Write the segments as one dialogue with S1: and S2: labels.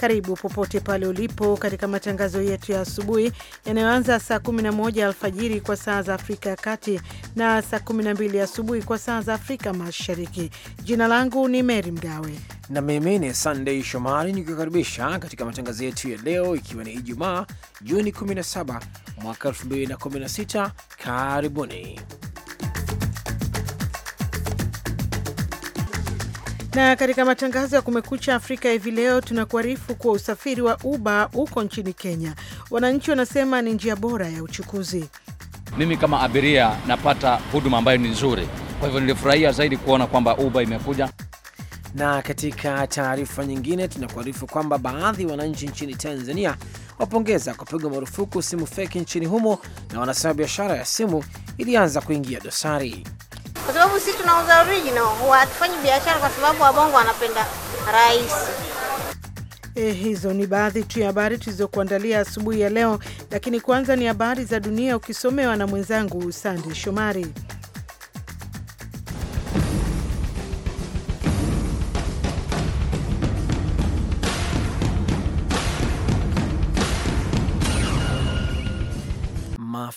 S1: Karibu popote pale ulipo katika matangazo yetu ya asubuhi yanayoanza saa 11 alfajiri kwa saa za Afrika ya Kati na saa 12 asubuhi kwa saa za Afrika Mashariki. Jina langu ni Mary Mgawe
S2: na mimi ni sandey Shomari nikiwakaribisha katika matangazo yetu ya leo, ikiwa ni Ijumaa Juni 17 mwaka 2016. Karibuni.
S1: Na katika matangazo ya Kumekucha Afrika hivi leo tunakuarifu kuwa usafiri wa Uber huko nchini Kenya, wananchi wanasema ni njia bora ya uchukuzi.
S3: Mimi kama abiria napata huduma ambayo ni nzuri, kwa hivyo nilifurahia zaidi kuona kwamba Uber imekuja.
S2: Na katika taarifa nyingine tunakuarifu kwamba baadhi ya wananchi nchini Tanzania wapongeza kupigwa marufuku simu feki nchini humo, na wanasema biashara ya simu ilianza kuingia dosari
S4: kwa sababu sisi tunauza original, hatufanyi biashara kwa sababu wabongo wanapenda rahisi.
S1: Eh, hizo ni baadhi tu ya habari tulizokuandalia asubuhi ya leo, lakini kwanza ni habari za dunia ukisomewa na mwenzangu Sandi Shomari.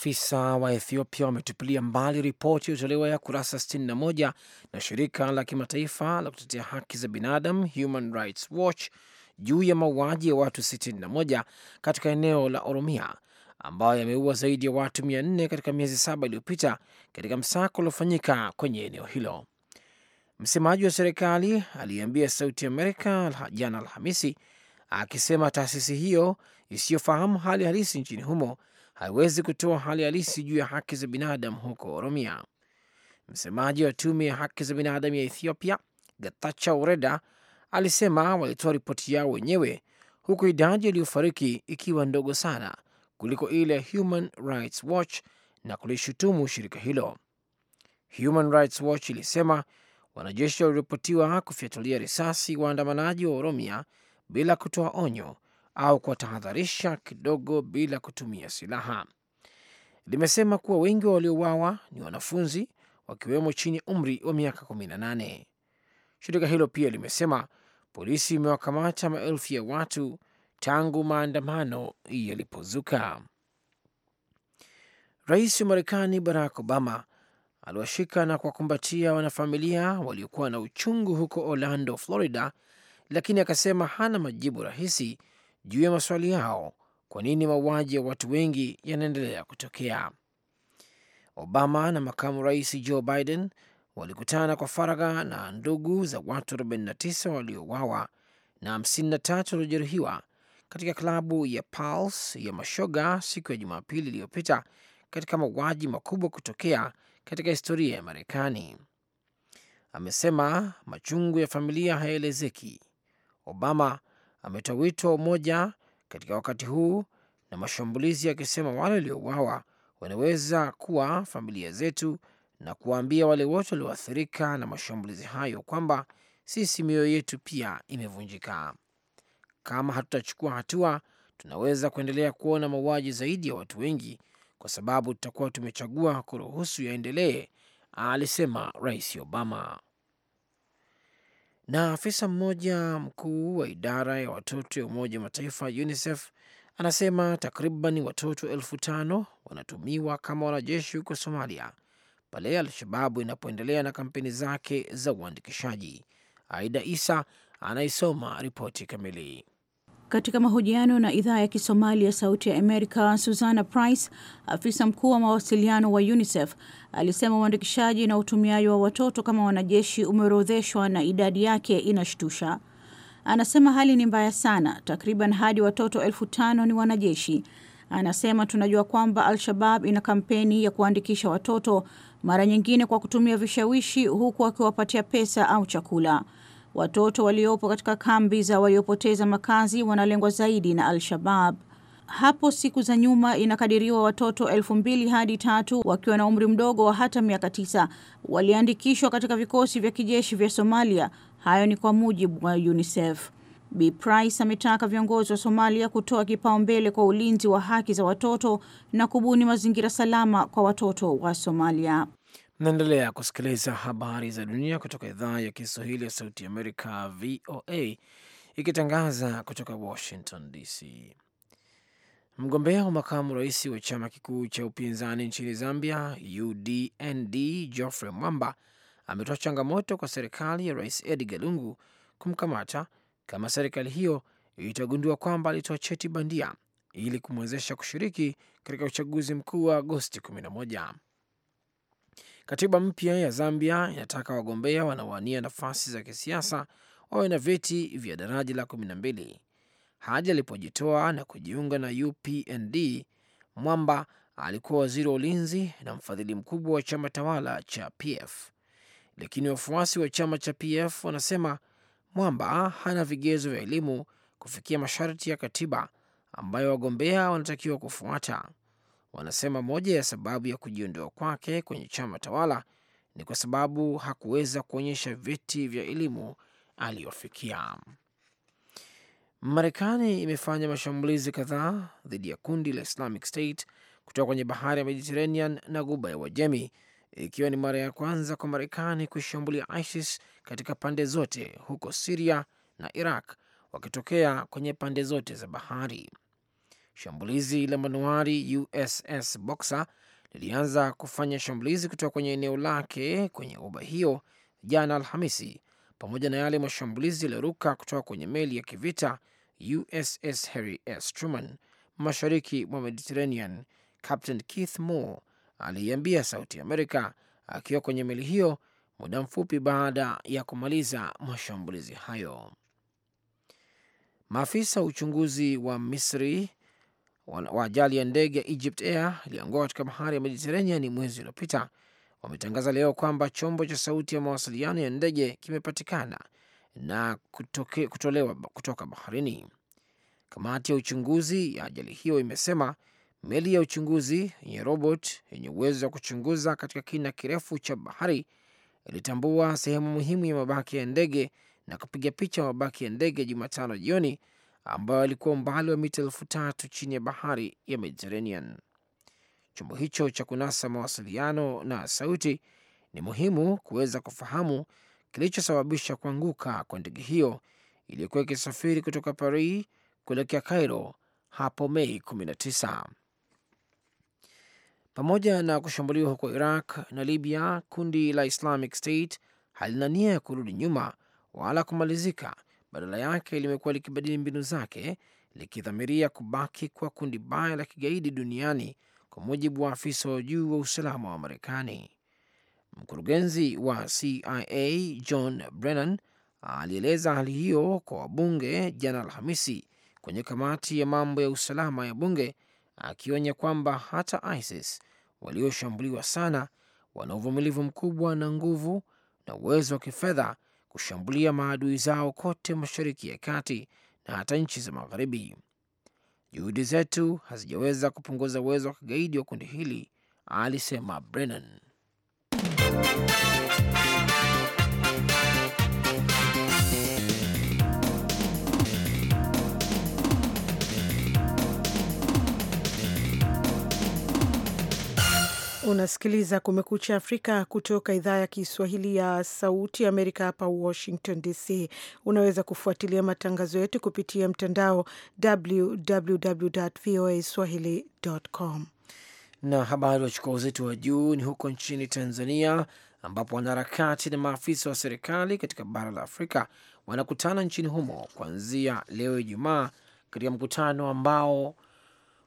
S2: Maafisa wa Ethiopia wametupilia mbali ripoti iliyotolewa ya kurasa 61 na shirika la kimataifa la kutetea haki za binadamu Human Rights Watch juu ya mauaji ya watu 61 katika eneo la Oromia ambayo yameua zaidi ya watu 400 katika miezi saba iliyopita katika msako uliofanyika kwenye eneo hilo. Msemaji wa serikali aliyeambia Sauti Amerika jana Alhamisi akisema taasisi hiyo isiyofahamu hali halisi nchini humo haiwezi kutoa hali halisi juu ya haki za binadamu huko Oromia. Msemaji wa tume ya haki za binadamu ya Ethiopia, Gatacha ureda alisema walitoa ripoti yao wenyewe, huku idadi iliyofariki ikiwa ndogo sana kuliko ile Human Rights Watch na kulishutumu shirika hilo. Human Rights Watch ilisema wanajeshi waliripotiwa kufyatulia risasi waandamanaji wa Oromia bila kutoa onyo au kuwatahadharisha kidogo bila kutumia silaha. Limesema kuwa wengi wa waliouawa ni wanafunzi, wakiwemo chini ya umri wa miaka 18. Shirika hilo pia limesema polisi imewakamata maelfu ya watu tangu maandamano yalipozuka. Rais wa Marekani Barack Obama aliwashika na kuwakumbatia wanafamilia waliokuwa na uchungu huko Orlando, Florida, lakini akasema hana majibu rahisi juu ya maswali yao, kwa nini mauaji ya watu wengi yanaendelea kutokea. Obama na makamu rais Joe Biden walikutana kwa faragha na ndugu za watu 49 waliouawa na 53 waliojeruhiwa katika klabu ya Pulse ya mashoga siku ya Jumapili iliyopita katika mauaji makubwa kutokea katika historia ya Marekani. Amesema machungu ya familia hayaelezeki. Obama ametoa wito wa umoja katika wakati huu na mashambulizi, akisema wale waliouawa wanaweza kuwa familia zetu na kuwaambia wale wote walioathirika na mashambulizi hayo kwamba sisi mioyo yetu pia imevunjika. Kama hatutachukua hatua, tunaweza kuendelea kuona mauaji zaidi ya watu wengi, kwa sababu tutakuwa tumechagua kuruhusu yaendelee, alisema Rais Obama. Na afisa mmoja mkuu wa idara ya watoto ya Umoja wa Mataifa UNICEF anasema takriban watoto elfu tano wanatumiwa kama wanajeshi huko Somalia pale Al-Shababu inapoendelea na kampeni zake za uandikishaji. Aida Isa anaisoma ripoti kamili.
S5: Katika mahojiano na idhaa ya Kisomali ya Sauti ya Amerika, Susana Price, afisa mkuu wa mawasiliano wa UNICEF, alisema uandikishaji na utumiaji wa watoto kama wanajeshi umeorodheshwa na idadi yake inashtusha. Anasema hali ni mbaya sana, takriban hadi watoto elfu tano ni wanajeshi. Anasema tunajua kwamba Al-Shabab ina kampeni ya kuandikisha watoto, mara nyingine kwa kutumia vishawishi, huku akiwapatia pesa au chakula. Watoto waliopo katika kambi za waliopoteza makazi wanalengwa zaidi na Al-Shabab. Hapo siku za nyuma inakadiriwa watoto elfu mbili hadi tatu wakiwa na umri mdogo wa hata miaka tisa waliandikishwa katika vikosi vya kijeshi vya Somalia. Hayo ni kwa mujibu wa UNICEF. B Price ametaka viongozi wa Somalia kutoa kipaumbele kwa ulinzi wa haki za watoto na kubuni mazingira salama kwa watoto wa Somalia.
S2: Naendelea kusikiliza habari za dunia kutoka idhaa ya Kiswahili ya Sauti Amerika, VOA, ikitangaza kutoka Washington DC. Mgombea wa makamu rais wa chama kikuu cha upinzani nchini Zambia, UDND, Geoffrey Mwamba ametoa changamoto kwa serikali ya Rais Edgar Lungu kumkamata kama serikali hiyo itagundua kwamba alitoa cheti bandia ili kumwezesha kushiriki katika uchaguzi mkuu wa Agosti Katiba mpya ya Zambia inataka wagombea wanawania nafasi za kisiasa wawe na vyeti vya daraja la kumi na mbili. Hadi alipojitoa na kujiunga na UPND, Mwamba alikuwa waziri wa ulinzi na mfadhili mkubwa wa chama tawala cha PF, lakini wafuasi wa chama cha PF wanasema Mwamba hana vigezo vya elimu kufikia masharti ya katiba ambayo wagombea wanatakiwa kufuata. Wanasema moja ya sababu ya kujiondoa kwake kwenye chama tawala ni kwa sababu hakuweza kuonyesha vyeti vya elimu aliyofikia. Marekani imefanya mashambulizi kadhaa dhidi ya kundi la Islamic State kutoka kwenye bahari ya Mediterranean na guba ya Uajemi, ikiwa ni mara ya kwanza kwa Marekani kuishambulia ISIS katika pande zote huko Siria na Iraq, wakitokea kwenye pande zote za bahari. Shambulizi la manuari USS Boxer lilianza kufanya shambulizi kutoka kwenye eneo lake kwenye uba hiyo jana Alhamisi, pamoja na yale mashambulizi yaliyoruka kutoka kwenye meli ya kivita USS Harry S. Truman mashariki mwa Mediterranean. Captain Keith Moore aliiambia Sauti Amerika akiwa kwenye meli hiyo muda mfupi baada ya kumaliza mashambulizi hayo. Maafisa wa uchunguzi wa Misri wa ajali ya ndege ya Egypt Air iliyoangua katika bahari ya Mediterranean mwezi uliopita wametangaza leo kwamba chombo cha sauti ya mawasiliano ya ndege kimepatikana na kutoke, kutolewa kutoka baharini. Kamati ya uchunguzi ya ajali hiyo imesema meli ya uchunguzi yenye robot yenye uwezo wa kuchunguza katika kina kirefu cha bahari ilitambua sehemu muhimu ya mabaki ya ndege na kupiga picha mabaki ya ndege Jumatano jioni ambayo alikuwa umbali wa mita elfu tatu chini ya bahari ya Mediterranean. Chombo hicho cha kunasa mawasiliano na sauti ni muhimu kuweza kufahamu kilichosababisha kuanguka kwa ndege hiyo iliyokuwa ikisafiri kutoka Paris kuelekea Cairo hapo Mei 19. Pamoja na kushambuliwa huko Iraq na Libya, kundi la Islamic State halina nia ya kurudi nyuma wala kumalizika badala yake limekuwa likibadili mbinu zake likidhamiria kubaki kwa kundi baya la kigaidi duniani, kwa mujibu wa afisa wa juu wa usalama wa Marekani. Mkurugenzi wa CIA John Brennan alieleza hali hiyo kwa wabunge jana Alhamisi kwenye kamati ya mambo ya usalama ya bunge, akionya kwamba hata ISIS walioshambuliwa sana wana uvumilivu mkubwa na nguvu na uwezo wa kifedha kushambulia maadui zao kote Mashariki ya Kati na hata nchi za Magharibi. Juhudi zetu hazijaweza kupunguza uwezo wa kigaidi wa kundi hili, alisema Brennan.
S1: Unasikiliza Kumekucha Afrika kutoka idhaa ya Kiswahili ya Sauti Amerika, hapa Washington DC. Unaweza kufuatilia matangazo yetu kupitia mtandao www.voaswahili.com.
S2: Na habari wachukua uzito wa juu ni huko nchini Tanzania, ambapo wanaharakati na maafisa wa serikali katika bara la Afrika wanakutana nchini humo kuanzia leo Ijumaa, katika mkutano ambao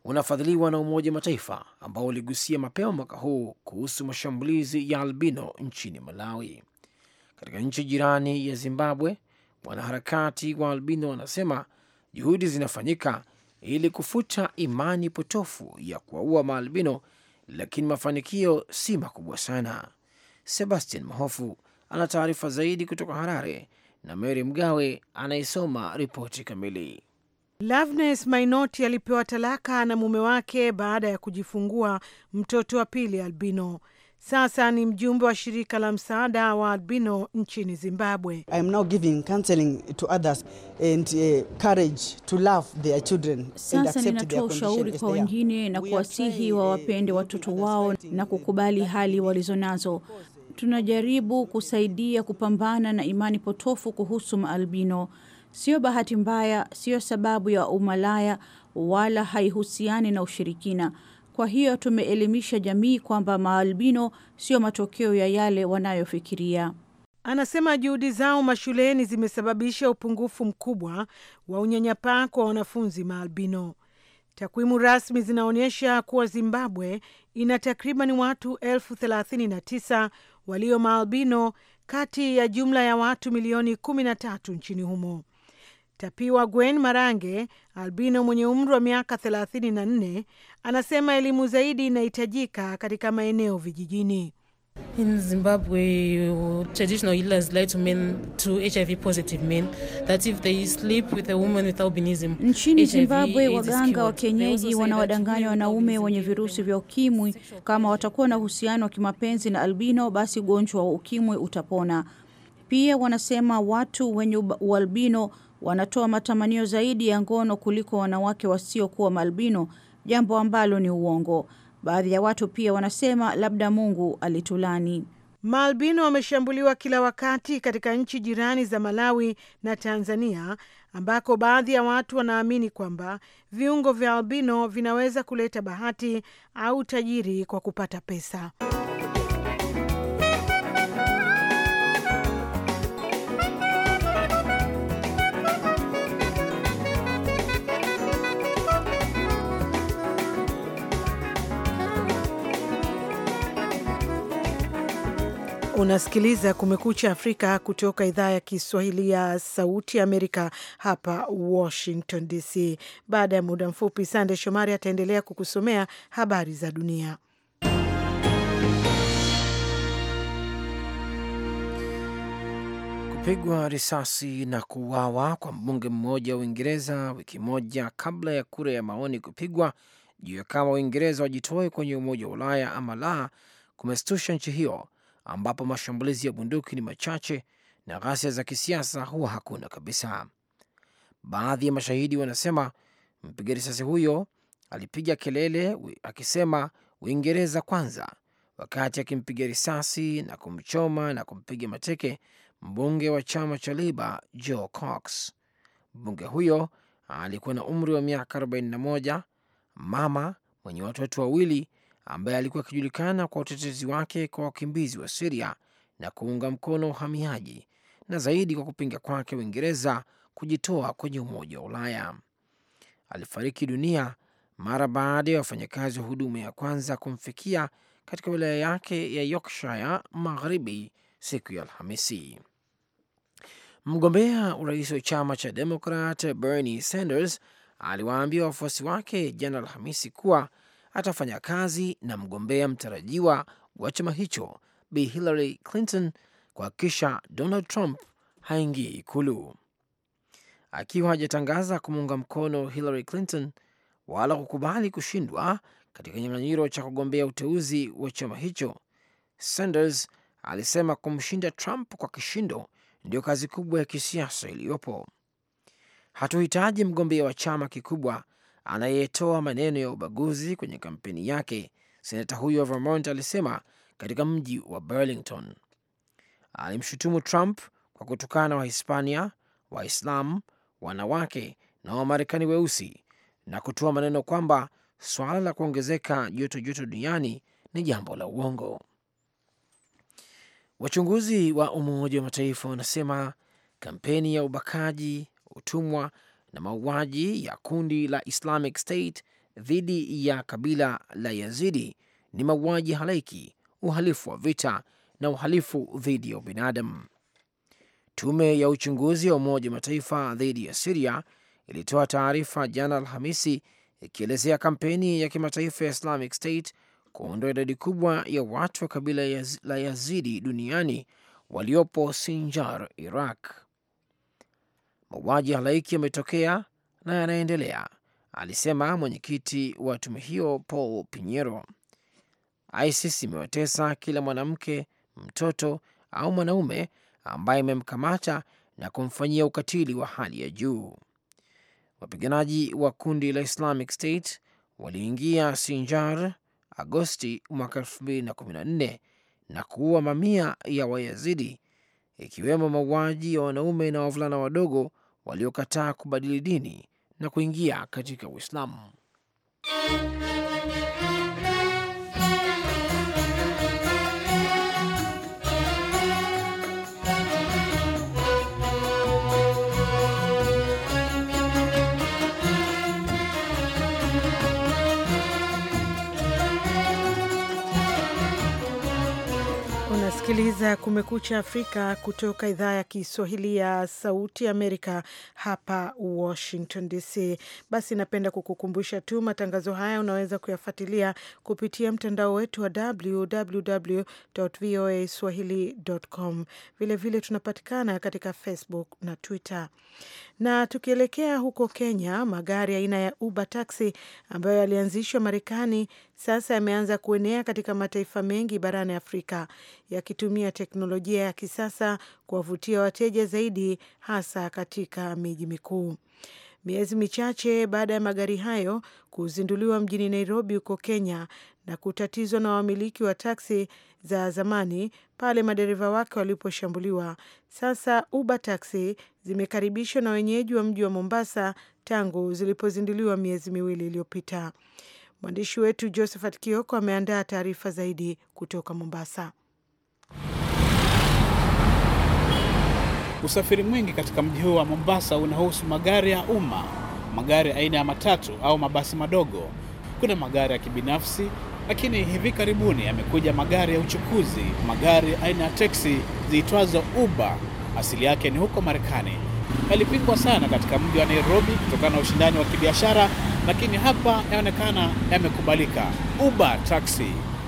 S2: unafadhiliwa na Umoja wa Mataifa ambao uligusia mapema mwaka huu kuhusu mashambulizi ya albino nchini Malawi. Katika nchi jirani ya Zimbabwe, wanaharakati wa albino wanasema juhudi zinafanyika ili kufuta imani potofu ya kuwaua maalbino, lakini mafanikio si makubwa sana. Sebastian Mahofu ana taarifa zaidi kutoka Harare na Mary Mgawe anayesoma ripoti kamili.
S1: Loveness Mainoti alipewa talaka na mume wake baada ya kujifungua mtoto wa pili albino. Sasa ni mjumbe wa shirika la msaada wa albino nchini Zimbabwe. I am now giving counseling to others and uh, courage to love their children. Sasa ninatoa ushauri kwa
S5: wengine na kuwasihi uh, wawapende watoto wao na kukubali hali walizonazo. Tunajaribu kusaidia kupambana na imani potofu kuhusu maalbino. Sio bahati mbaya, sio sababu ya umalaya wala haihusiani na ushirikina. Kwa hiyo tumeelimisha jamii kwamba maalbino
S1: sio matokeo ya yale wanayofikiria. Anasema juhudi zao mashuleni zimesababisha upungufu mkubwa wa unyanyapaa kwa wanafunzi maalbino. Takwimu rasmi zinaonyesha kuwa Zimbabwe ina takriban watu elfu thelathini na tisa walio maalbino kati ya jumla ya watu milioni 13 nchini humo. Tapiwa Gwen Marange, albino mwenye umri wa miaka 34, anasema elimu zaidi inahitajika katika maeneo vijijini. In Zimbabwe, traditional healers lie to men, to HIV positive men, that if they sleep with a woman with albinism, Nchini Zimbabwe waganga
S5: wa kienyeji wanawadanganya wanaume wenye virusi vya ukimwi kama watakuwa na uhusiano wa kimapenzi na albino basi ugonjwa wa ukimwi utapona. Pia wanasema watu wenye ualbino wanatoa matamanio zaidi ya ngono kuliko wanawake wasiokuwa malbino, jambo ambalo ni uongo. Baadhi ya watu pia wanasema labda Mungu
S1: alitulani. Maalbino wameshambuliwa kila wakati katika nchi jirani za Malawi na Tanzania, ambako baadhi ya watu wanaamini kwamba viungo vya albino vinaweza kuleta bahati au tajiri kwa kupata pesa. Unasikiliza Kumekucha Afrika kutoka idhaa ya Kiswahili ya Sauti Amerika, hapa Washington DC. Baada ya muda mfupi, Sande Shomari ataendelea kukusomea habari za dunia.
S2: Kupigwa risasi na kuuawa kwa mbunge mmoja wa Uingereza wiki moja kabla ya kura ya maoni kupigwa juu ya kama Uingereza wajitoe kwenye Umoja wa Ulaya ama la kumestusha nchi hiyo ambapo mashambulizi ya bunduki ni machache na ghasia za kisiasa huwa hakuna kabisa. Baadhi ya mashahidi wanasema mpiga risasi huyo alipiga kelele akisema Uingereza kwanza wakati akimpiga risasi na kumchoma na kumpiga mateke mbunge wa chama cha Leba Joe Cox. Mbunge huyo alikuwa na umri wa miaka 41, mama mwenye watoto wawili ambaye alikuwa akijulikana kwa utetezi wake kwa wakimbizi wa Siria na kuunga mkono uhamiaji na zaidi kwa kupinga kwake Uingereza kujitoa kwenye Umoja wa Ulaya. Alifariki dunia mara baada ya wafanyakazi wa huduma ya kwanza kumfikia katika wilaya yake ya Yorkshire Magharibi siku ya Alhamisi. Mgombea urais wa chama cha Demokrat Bernie Sanders aliwaambia wafuasi wake jana Alhamisi kuwa atafanya kazi na mgombea mtarajiwa wa chama hicho Bi Hillary Clinton kuhakikisha Donald Trump haingii Ikulu. Akiwa hajatangaza kumuunga mkono Hillary Clinton wala kukubali kushindwa katika kinyang'anyiro cha kugombea uteuzi wa chama hicho, Sanders alisema kumshinda Trump kwa kishindo ndiyo kazi kubwa ya kisiasa iliyopo. Hatuhitaji mgombea wa chama kikubwa anayetoa maneno ya ubaguzi kwenye kampeni yake, senata huyo wa Vermont alisema katika mji wa Burlington. Alimshutumu Trump kwa na Wahispania, waislam wanawake na Wamarekani weusi na kutoa maneno kwamba swala la kuongezeka joto joto duniani ni jambo la uongo. Wachunguzi wa Umoja wa Mataifa wanasema kampeni ya ubakaji, utumwa na mauaji ya kundi la Islamic State dhidi ya kabila la Yazidi ni mauaji halaiki, uhalifu wa vita na uhalifu dhidi ya ubinadamu. Tume ya uchunguzi wa Umoja wa Mataifa dhidi ya Siria ilitoa taarifa jana Alhamisi ikielezea kampeni ya kimataifa ya Islamic State kuondoa idadi kubwa ya watu wa kabila la Yazidi duniani waliopo Sinjar, Iraq mauaji ya halaiki yametokea na yanaendelea, alisema mwenyekiti wa tume hiyo Paul Pinheiro. ISIS imewatesa kila mwanamke, mtoto au mwanaume ambaye imemkamata na kumfanyia ukatili wa hali ya juu. Wapiganaji wa kundi la Islamic State waliingia Sinjar Agosti mwaka 2014 na kuua mamia ya Wayazidi, ikiwemo mauaji ya wanaume na wavulana wadogo waliokataa kubadili dini na kuingia katika Uislamu.
S1: unasikiliza Kumekucha Afrika kutoka idhaa ya Kiswahili ya Sauti Amerika hapa Washington DC. Basi napenda kukukumbusha tu matangazo haya unaweza kuyafuatilia kupitia mtandao wetu wa www voa swahili.com. Vilevile tunapatikana katika Facebook na Twitter. Na tukielekea huko Kenya, magari aina ya Uber Taxi ambayo yalianzishwa Marekani sasa yameanza kuenea katika mataifa mengi barani Afrika yaki kutumia teknolojia ya kisasa kuwavutia wateja zaidi, hasa katika miji mikuu. Miezi michache baada ya magari hayo kuzinduliwa mjini Nairobi huko Kenya na kutatizwa na wamiliki wa taksi za zamani pale madereva wake waliposhambuliwa, sasa Uber taksi zimekaribishwa na wenyeji wa mji wa Mombasa tangu zilipozinduliwa miezi miwili iliyopita. Mwandishi wetu Josephat Kioko ameandaa taarifa zaidi kutoka Mombasa.
S3: Usafiri mwingi katika mji huu wa Mombasa unahusu magari ya umma, magari aina ya matatu au mabasi madogo. Kuna magari ya kibinafsi, lakini hivi karibuni yamekuja magari ya uchukuzi, magari aina ya teksi ziitwazo Uber. Asili yake ni huko Marekani. Yalipikwa sana katika mji wa Nairobi kutokana na ushindani wa kibiashara, lakini hapa yaonekana yamekubalika. Uber taxi,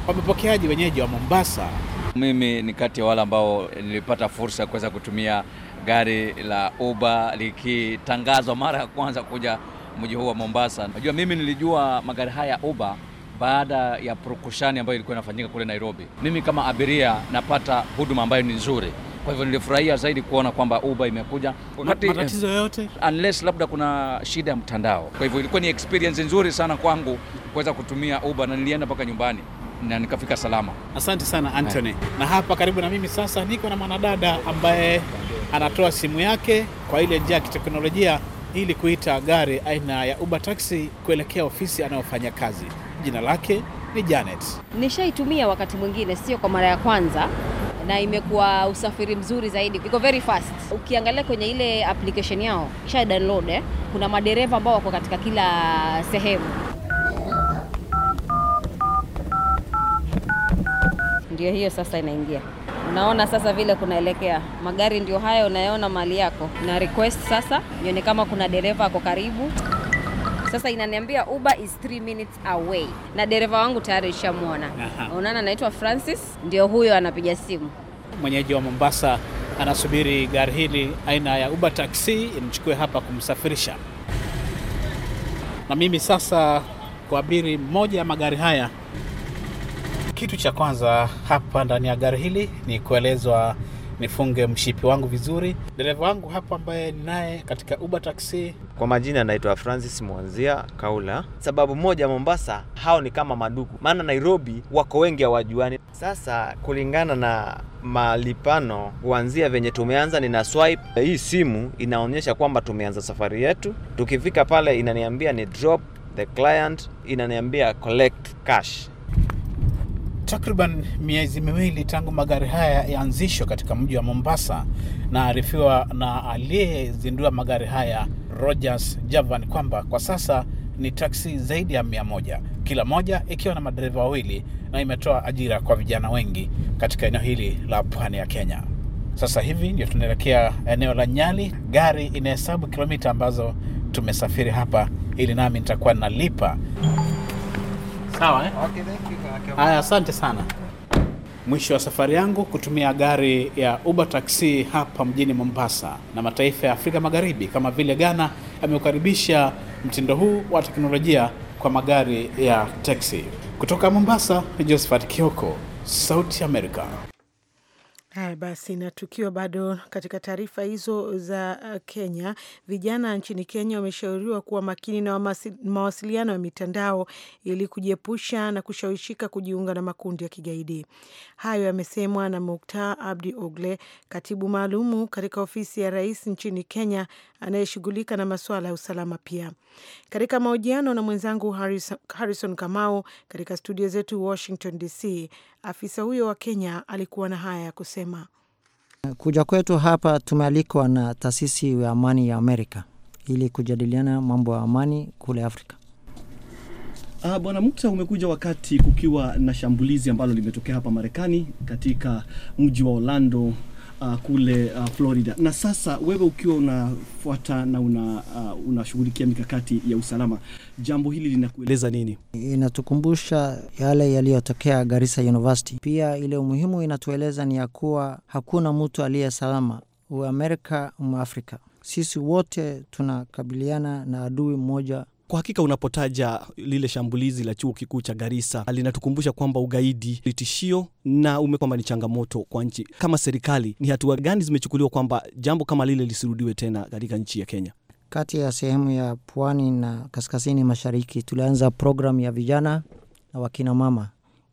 S3: wamepokeaji wenyeji wa Mombasa? Mimi ni kati ya wale ambao nilipata fursa ya kuweza kutumia gari la Uber likitangazwa mara ya kwanza kuja mji huu wa Mombasa. Najua mimi nilijua magari haya ya Uber baada ya prokushani ambayo ilikuwa inafanyika kule Nairobi. Mimi kama abiria napata huduma ambayo ni nzuri, kwa hivyo nilifurahia zaidi kuona kwamba Uber imekuja. Matatizo yote unless labda kuna shida ya mtandao. Kwa hivyo ilikuwa ni experience nzuri sana kwangu kuweza kutumia Uber na nilienda mpaka nyumbani na nikafika salama. Asante sana eh. Anthony. Na hapa karibu na mimi sasa niko na mwanadada ambaye anatoa simu yake kwa ile njia ya kiteknolojia ili kuita gari aina ya Uber Taxi kuelekea ofisi anayofanya kazi. Jina lake ni Janet.
S2: Nishaitumia wakati mwingine, sio kwa mara ya kwanza na imekuwa usafiri mzuri zaidi, iko very fast. Ukiangalia kwenye ile application yao kisha download eh, kuna madereva ambao wako katika kila sehemu
S4: ndio hiyo sasa inaingia. Unaona sasa vile kunaelekea magari ndio haya unayaona mali yako, na request sasa nione kama kuna dereva ako karibu. Sasa inaniambia Uber is
S2: 3 minutes away, na dereva wangu tayari ishamwona. Unaona, anaitwa Francis, ndio huyo
S3: anapiga simu. Mwenyeji wa Mombasa anasubiri gari hili aina ya Uber taxi imchukue hapa kumsafirisha. Na mimi sasa kuabiri moja ya magari haya kitu cha kwanza hapa ndani ya gari hili ni kuelezwa nifunge mshipi wangu vizuri. Dereva wangu hapa ambaye
S6: ninaye katika Uber Taxi, kwa majina anaitwa Francis Mwanzia Kaula. Sababu moja, Mombasa hao ni kama maduku, maana Nairobi wako wengi hawajuani. Sasa kulingana na malipano kuanzia venye tumeanza, nina swipe hii simu inaonyesha kwamba tumeanza safari yetu. Tukifika pale inaniambia ni drop the client, inaniambia collect cash Takriban miezi miwili
S3: tangu magari haya yaanzishwe katika mji wa Mombasa, naarifiwa na aliyezindua magari haya Rogers Javan kwamba kwa sasa ni taksi zaidi ya mia moja, kila moja ikiwa na madereva wawili, na imetoa ajira kwa vijana wengi katika eneo hili la pwani ya Kenya. Sasa hivi ndio tunaelekea eneo la Nyali. Gari inahesabu kilomita ambazo tumesafiri hapa, ili nami nitakuwa nalipa. Sawa eh? Okay, thank you. Haya, asante sana. Mwisho wa safari yangu kutumia gari ya Uber Taxi hapa mjini Mombasa, na mataifa ya Afrika Magharibi kama vile Ghana yameukaribisha mtindo huu wa teknolojia kwa magari ya taxi. Kutoka Mombasa, Josephat Kioko, Sauti Amerika.
S1: Haya basi, na tukiwa bado katika taarifa hizo za uh, Kenya, vijana nchini Kenya wameshauriwa kuwa makini na mawasiliano ya mitandao ili kujiepusha na kushawishika kujiunga na makundi ya kigaidi. Hayo yamesemwa na Muktar Abdi Ogle, katibu maalumu katika ofisi ya rais nchini Kenya anayeshughulika na masuala ya usalama. Pia katika mahojiano na mwenzangu Harrison, Harrison Kamau katika studio zetu Washington DC, afisa huyo wa Kenya alikuwa na haya ya kusema njema.
S7: Kuja kwetu hapa tumealikwa na taasisi ya amani ya Amerika ili kujadiliana mambo ya amani kule Afrika.
S6: Ah, Bwana Mukta, umekuja wakati kukiwa na shambulizi ambalo limetokea hapa Marekani katika mji wa Orlando uh, kule uh, Florida. Na sasa wewe ukiwa unafuata na una, uh, unashughulikia mikakati ya usalama, jambo hili linakueleza
S7: nini? Inatukumbusha yale yaliyotokea Garissa University. Pia ile umuhimu inatueleza ni ya kuwa hakuna mtu aliye salama, Uamerika Mwafrika, sisi wote tunakabiliana na adui mmoja
S6: kwa hakika unapotaja lile shambulizi la chuo kikuu cha garisa linatukumbusha kwamba ugaidi ni tishio na ume kwamba ni changamoto kwa nchi. Kama serikali, ni hatua gani zimechukuliwa kwamba jambo kama lile lisirudiwe tena katika nchi ya Kenya?
S7: Kati ya sehemu ya pwani na kaskazini mashariki, tulianza programu ya vijana na wakinamama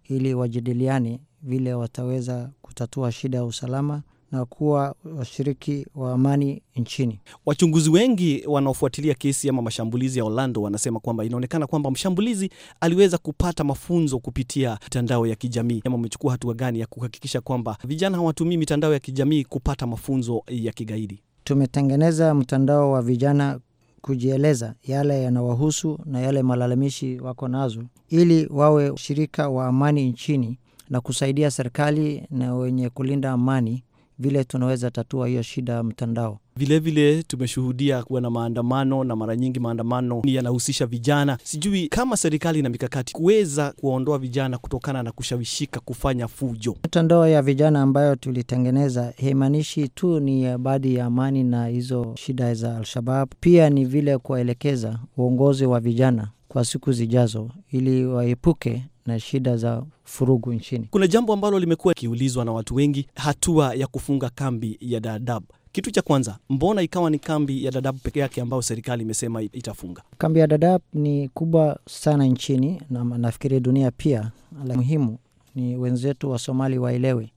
S7: ili wajadiliane vile wataweza kutatua shida ya usalama na kuwa washiriki wa amani nchini.
S6: Wachunguzi wengi wanaofuatilia kesi ama mashambulizi ya Orlando wanasema kwamba inaonekana kwamba mshambulizi aliweza kupata mafunzo kupitia mitandao ya kijamii. Ama umechukua hatua gani ya kuhakikisha kwamba vijana hawatumii mitandao ya kijamii kupata mafunzo ya kigaidi?
S7: Tumetengeneza mtandao wa vijana kujieleza yale yanawahusu na yale malalamishi wako nazo, ili wawe shirika wa amani nchini na kusaidia serikali na wenye kulinda amani vile tunaweza tatua hiyo shida mtandao.
S6: Vilevile tumeshuhudia kuwa na maandamano na mara nyingi maandamano yanahusisha vijana. Sijui kama serikali ina mikakati kuweza kuwaondoa vijana kutokana na kushawishika kufanya fujo.
S7: Mitandao ya vijana ambayo tulitengeneza haimaanishi tu ni baadhi ya amani na hizo shida za Al-Shabab, pia ni vile kuwaelekeza uongozi wa vijana kwa siku zijazo, ili waepuke na shida za furugu nchini.
S6: Kuna jambo ambalo limekuwa ikiulizwa na watu wengi, hatua ya kufunga kambi ya dadab Kitu cha kwanza, mbona ikawa ni kambi ya dadab peke yake ambayo serikali imesema itafunga?
S7: Kambi ya dadab ni kubwa sana nchini na nafikiri dunia pia. La muhimu ni wenzetu wa Somali waelewe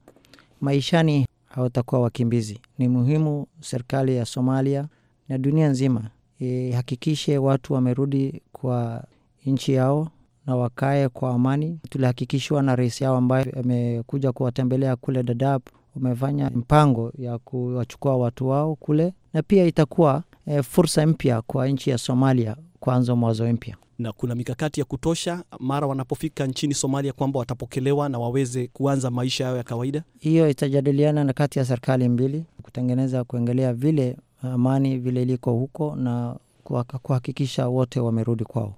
S7: maishani hawatakuwa wakimbizi. Ni muhimu serikali ya Somalia na dunia nzima ihakikishe watu wamerudi kwa nchi yao na wakae kwa amani. Tulihakikishwa na rais yao ambaye amekuja kuwatembelea kule Dadaab, wamefanya mpango ya kuwachukua watu wao kule, na pia itakuwa e, fursa mpya kwa nchi ya Somalia kuanza mwanzo mpya
S6: na kuna mikakati ya kutosha mara wanapofika nchini Somalia kwamba watapokelewa na waweze kuanza maisha yao ya kawaida.
S7: Hiyo itajadiliana na kati ya serikali mbili kutengeneza kuengelea vile amani vile iliko huko na kuhakikisha wote wamerudi kwao.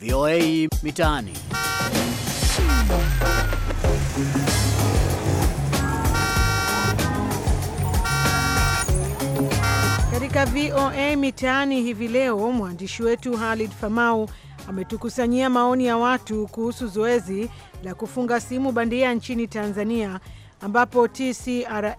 S6: VOA
S3: Mitaani.
S1: Katika VOA Mitaani hivi leo, mwandishi wetu Halid Famau ametukusanyia maoni ya watu kuhusu zoezi la kufunga simu bandia nchini Tanzania ambapo TCRA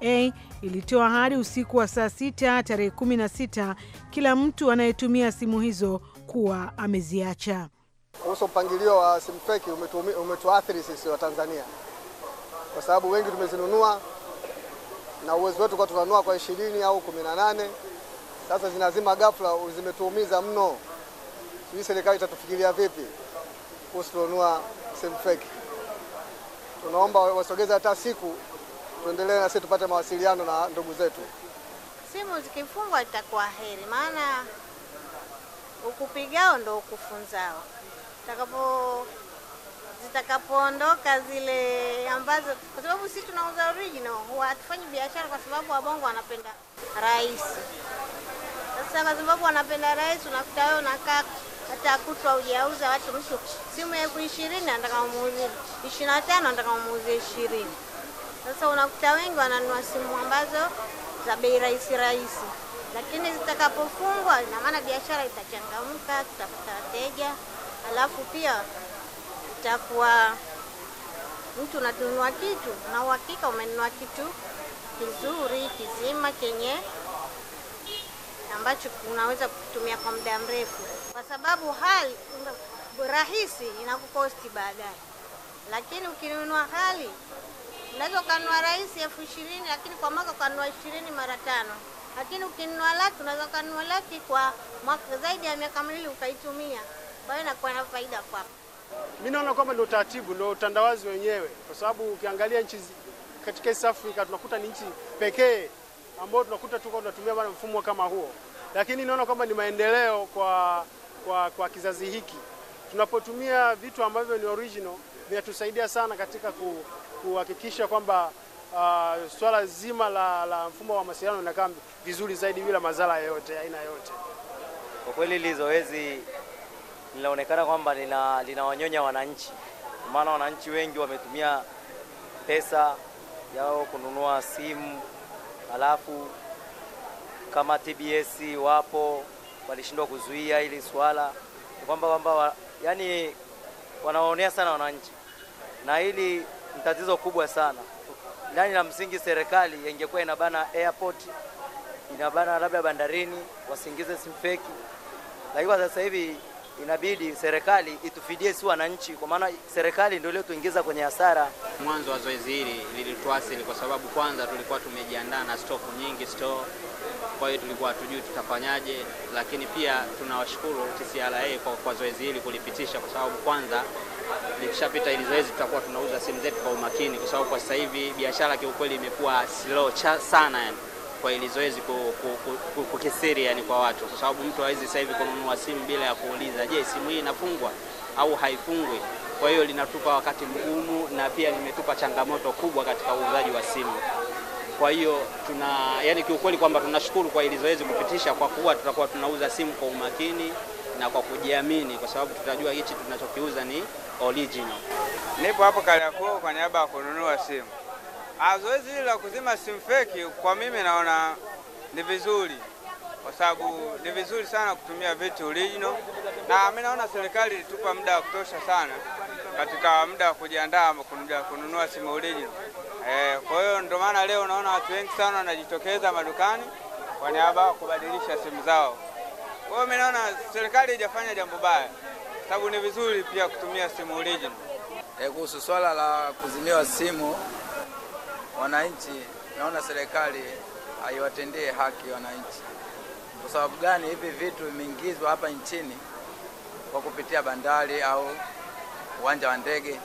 S1: ilitoa hadi usiku wa saa sita tarehe 16 kila mtu anayetumia simu hizo kuwa ameziacha.
S6: Kuhusu mpangilio wa simu feki umetuathiri sisi wa Tanzania kwa sababu wengi tumezinunua na uwezo wetu kwa tunanua kwa ishirini au kumi na nane. Sasa zinazima ghafla, zimetuumiza mno. Sijui serikali itatufikiria vipi kuhusu tununua simu feki. Tunaomba wasogeze hata siku, tuendelee na sisi tupate mawasiliano na ndugu zetu.
S4: Simu zikifungwa itakuwa heri, maana ukupigao ndo ukufunzao. Zitakapo zitakapoondoka zile ambazo, kwa sababu sisi tunauza original, hatufanyi biashara kwa sababu wabongo wanapenda rahisi. Sasa kwa sababu wanapenda rahisi, unakuta wewe unakaa hata kutwa ujauza watu mtu simu elfu ishirini anataka umuuzie ishirini na tano anataka umuuzie ishirini. Sasa unakuta wengi wananunua simu ambazo za bei rahisi rahisi, lakini zitakapofungwa, ina maana biashara itachangamka, tutapata wateja. Alafu pia itakuwa mtu unanunua kitu na uhakika umenunua kitu kizuri kizima kenye ambacho unaweza kutumia kwa muda mrefu, kwa sababu hali rahisi inakukosti baadaye. Lakini ukinunua hali,
S7: unaweza ukanunua
S4: rahisi elfu ishirini lakini kwa mwaka ukanunua ishirini mara tano. Lakini ukinunua laki, unaweza ukanunua laki kwa mwaka zaidi ya miaka miwili ukaitumia kwa hiyo inakuwa na faida kwao.
S3: Mimi naona kwamba ndio taratibu, ndio utandawazi wenyewe, kwa sababu ukiangalia nchi katika East Africa tunakuta ni nchi pekee ambao tunakuta tuko tunatumia bana mfumo kama huo, lakini naona kwamba ni maendeleo kwa, kwa, kwa kizazi hiki. Tunapotumia vitu ambavyo ni original vinatusaidia sana katika ku, kuhakikisha kwamba uh, swala zima la, la mfumo wa mawasiliano unakaa vizuri zaidi bila madhara yoyote aina yote.
S7: Kwa kweli hili zoezi linaonekana kwamba lina, linawanyonya wananchi, maana wananchi wengi wametumia pesa yao kununua simu, halafu kama TBS wapo walishindwa kuzuia hili swala kwamba kwamba wa, yani wanawaonea sana wananchi, na hili ni tatizo kubwa sana. Yani la msingi serikali ingekuwa inabana airport inabana labda bandarini, wasiingize simu feki, lakini kwa sasa hivi inabidi serikali itufidie si wananchi, kwa maana serikali ndio iliyotuingiza kwenye hasara.
S3: Mwanzo wa zoezi hili lilituasili kwa sababu kwanza tulikuwa tumejiandaa na stofu nyingi store, kwa hiyo tulikuwa hatujui tutafanyaje, lakini pia tunawashukuru TCRA kwa, kwa zoezi hili kulipitisha, kwa sababu kwanza likishapita ili zoezi tutakuwa tunauza simu zetu kwa umakini, kwa sababu kwa sasa hivi biashara kiukweli imekuwa slow sana yani kwa ili zoezi kukithiri yani kwa watu, kwa sababu mtu hawezi sasa hivi kununua simu bila ya kuuliza, je, simu hii inafungwa au haifungwi? Kwa hiyo linatupa wakati mgumu na pia limetupa changamoto kubwa katika uuzaji wa simu. Kwa hiyo tuna yani, kiukweli kwamba tunashukuru kwa ili zoezi kupitisha, kwa kuwa tutakuwa tunauza simu kwa umakini na kwa kujiamini, kwa sababu tutajua hichi tunachokiuza ni original. Nipo hapo Kariakoo kwa niaba ya kununua simu. Zoezi hili la kuzima simu feki kwa mimi naona ni vizuri, kwa sababu ni vizuri sana kutumia vitu original, na mimi naona serikali ilitupa muda wa kutosha sana katika muda wa kujiandaa kununua simu original. Eh, kwa hiyo ndio maana leo naona watu wengi sana wanajitokeza madukani kwa niaba kubadilisha simu zao. Kwa hiyo mimi naona serikali haijafanya jambo baya, sababu ni vizuri pia
S2: kutumia simu original. Eh, kuhusu swala la kuzimiwa simu
S3: wananchi, naona serikali haiwatendee haki wananchi. Kwa sababu gani hivi vitu vimeingizwa hapa nchini kwa kupitia bandari au uwanja wa ndege,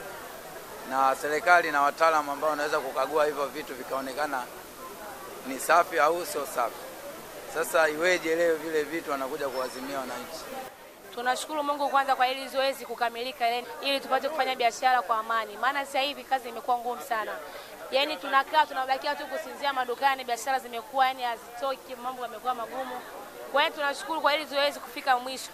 S3: na serikali na wataalamu ambao wanaweza kukagua hivyo
S2: vitu vikaonekana ni safi au sio safi. Sasa iweje leo
S3: vile vitu wanakuja kuwazimia wananchi?
S1: Tunashukuru Mungu kwanza kwa hili zoezi kukamilika, ili tupate kufanya biashara kwa amani, maana sasa hivi kazi imekuwa ngumu sana yani tunakaa tunabakia tu kusinzia madukani, biashara zimekuwa yani hazitoki, mambo yamekuwa magumu. Kwa hiyo tunashukuru kwa hili zoezi kufika mwisho.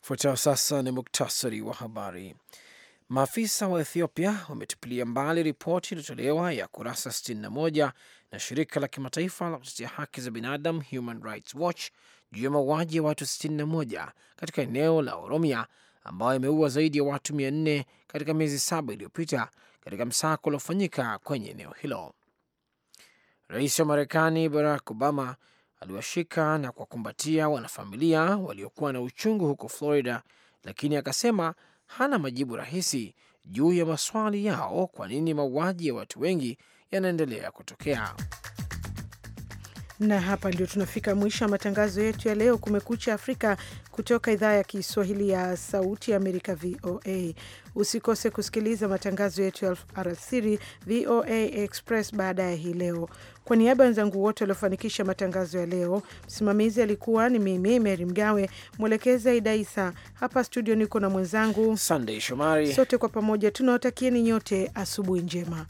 S2: Fuatao sasa ni muktasari wa habari. Maafisa wa Ethiopia wametupilia mbali ripoti iliyotolewa ya kurasa 61 na shirika la kimataifa la kutetea haki za binadamu Human Rights Watch juu ya mauaji ya watu 61 katika eneo la Oromia ambayo imeua zaidi ya watu 400 katika miezi saba iliyopita katika msako uliofanyika kwenye eneo hilo. Rais wa Marekani Barack Obama aliwashika na kuwakumbatia wanafamilia waliokuwa na uchungu huko Florida, lakini akasema hana majibu rahisi juu ya maswali yao, kwa nini mauaji ya watu wengi yanaendelea
S1: kutokea. Na hapa ndio tunafika mwisho wa matangazo yetu ya leo, Kumekucha Afrika, kutoka idhaa ya Kiswahili ya Sauti ya Amerika, VOA. Usikose kusikiliza matangazo yetu ya alasiri, VOA Express, baadaye hii leo. Kwa niaba ya wenzangu wote waliofanikisha matangazo ya leo, msimamizi alikuwa ni mimi Meri Mgawe, mwelekezi Aida Isa. Hapa studio niko na mwenzangu
S2: Sandey Shomari. Sote
S1: kwa pamoja tunawatakieni nyote asubuhi njema.